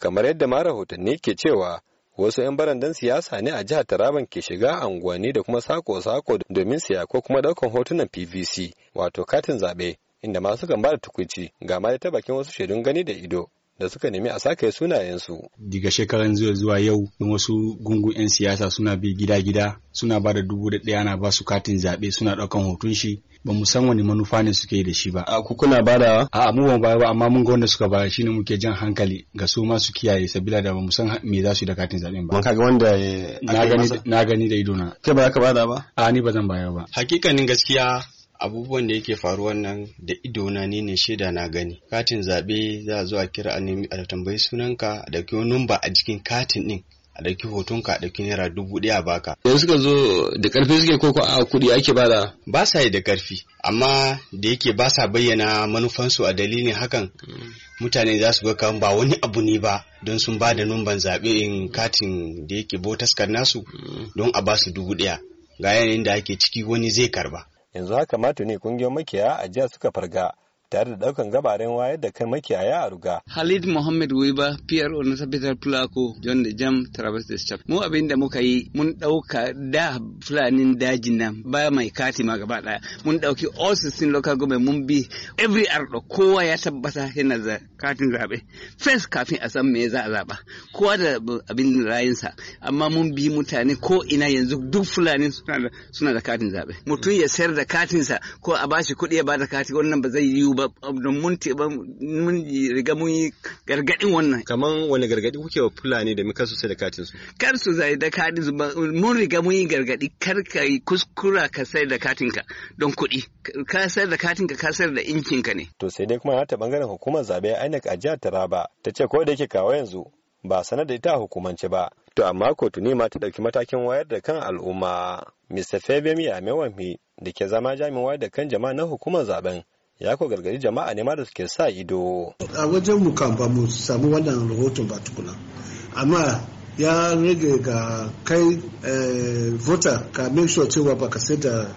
kamar yadda ma rahotanni ke cewa wasu 'yan barandan siyasa ne a jihar Taraban ke shiga unguwanni da kuma sako-sako domin siya ko kuma daukan hotunan PVC wato katin zaɓe inda masu kan bada tukunci ga ma ta bakin wasu shaidun gani da ido da suka nemi a sake sunayensu. Diga shekaran zuwa zuwa yau wasu gungun 'yan siyasa suna bi gida-gida suna ba da dubu da ɗaya na basu katin zaɓe suna ɗaukan hoton shi ba mu san wani manufa ne suke da shi ba. ku kuna badawa? A mu ba ba amma mun ga wanda suka bada shine muke jan hankali ga su ma su kiyaye sabila da ba mu san me za su yi da katin zaɓen ba. Mun kaga wanda na gani na gani da ido na. Kai ba ka bada ba? A ni ba zan baya ba. Hakikanin gaskiya abubuwan da yake faruwan nan da idona ni ne shaida na gani katin zaɓe za a zo a kira a tambayi sunanka da wani numba a jikin katin ɗin a ɗauki hotonka a ɗauki naira dubu ɗaya baka. Yanzu suka zo da ƙarfi suke ko ko a kuɗi ake bada? Ba sa yi da ƙarfi amma da yake ba sa bayyana manufansu a dalilin hakan mutane za su ga kan ba wani abu ne ba don sun ba da numban zaɓe in katin da yake botaskar nasu don a ba su dubu ɗaya ga yanayin da ake ciki wani zai karba. Yanzu haka mato ne kungiyar makiya a jiya suka farga tare da daukan gabarin wayar da kai makiyaya a ruga. Khalid Muhammad Wiba, PRO na Sabitar Fulako, John da Jam, Travis da Mu abin da muka yi mun dauka da Fulanin dajin nan ba mai kati ma gaba daya. Mun ɗauki all sixteen local government mun bi every ardo kowa ya tabbata yana da katin zabe. First kafin a san me za a zaba. Kowa da abin rayinsa amma mun bi mutane ko ina yanzu duk Fulani suna da katin zabe. Mutum ya sayar da katinsa ko a bashi kuɗi ya bada kati wannan ba zai yiwu mun mun riga mun yi gargadin wannan kaman wani gargadi kuke wa fulani da muka su da katin su kar su zai da katin su mun riga mun yi gargadi kar ka yi kuskura ka sai da katin ka don kuɗi ka sai da katin ka ka sai da inkin ka ne to sai dai kuma ta bangaren hukumar zabe INEC a jihar Taraba ta ce ko da yake kawo yanzu ba sanar da ita a hukumance ba to amma kotu ne ma ta ɗauki matakin wayar da kan al'umma Mr. fabian yamewanmi da ke zama jami'in wayar da kan jama'a na hukumar zaben ya ko gargadi jama'a ne ma da suke sa ido a wajen mu kan ba mu samu wannan rahoton ba tukuna amma ya rage ga kai eh, voter ka make sure cewa baka sai da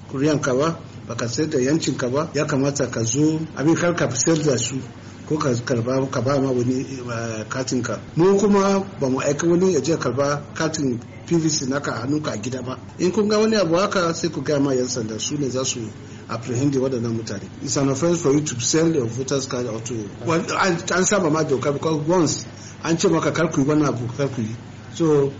ba baka sai da yancinka ba ya kamata ka zo abin kar ka sayar da su ko ka karba ka ba ma wani eh, katin ka mu kuma ba mu aika wani ya je karba katin pvc na ka hannunka a gida ba in kun ga wani abu haka sai ku gaya ma yan sanda su ne za su apprehend waɗannan mutane it's an offense for you to sell your voters card or to an saba ma doka because once an ce maka kar ku yi wannan abu kar ku yi so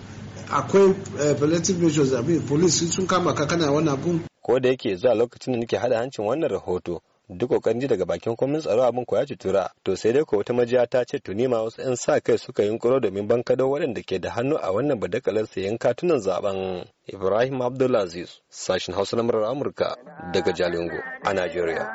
akwai eh, palliative measures abin police sun kama ka kana wannan abun ko da yake zuwa lokacin da nake hada hancin wannan rahoto duk kokarin ji daga bakin kwamin tsaro abin ko ya ci tura to sai dai ko wata majiya ta ce tuni ma wasu 'yan sa kai suka yunkuro domin bankado waɗanda ke da hannu a wannan badakalar sayan katunan zaben ibrahim abdulaziz sashin hausa na murar amurka daga jalingo a najeriya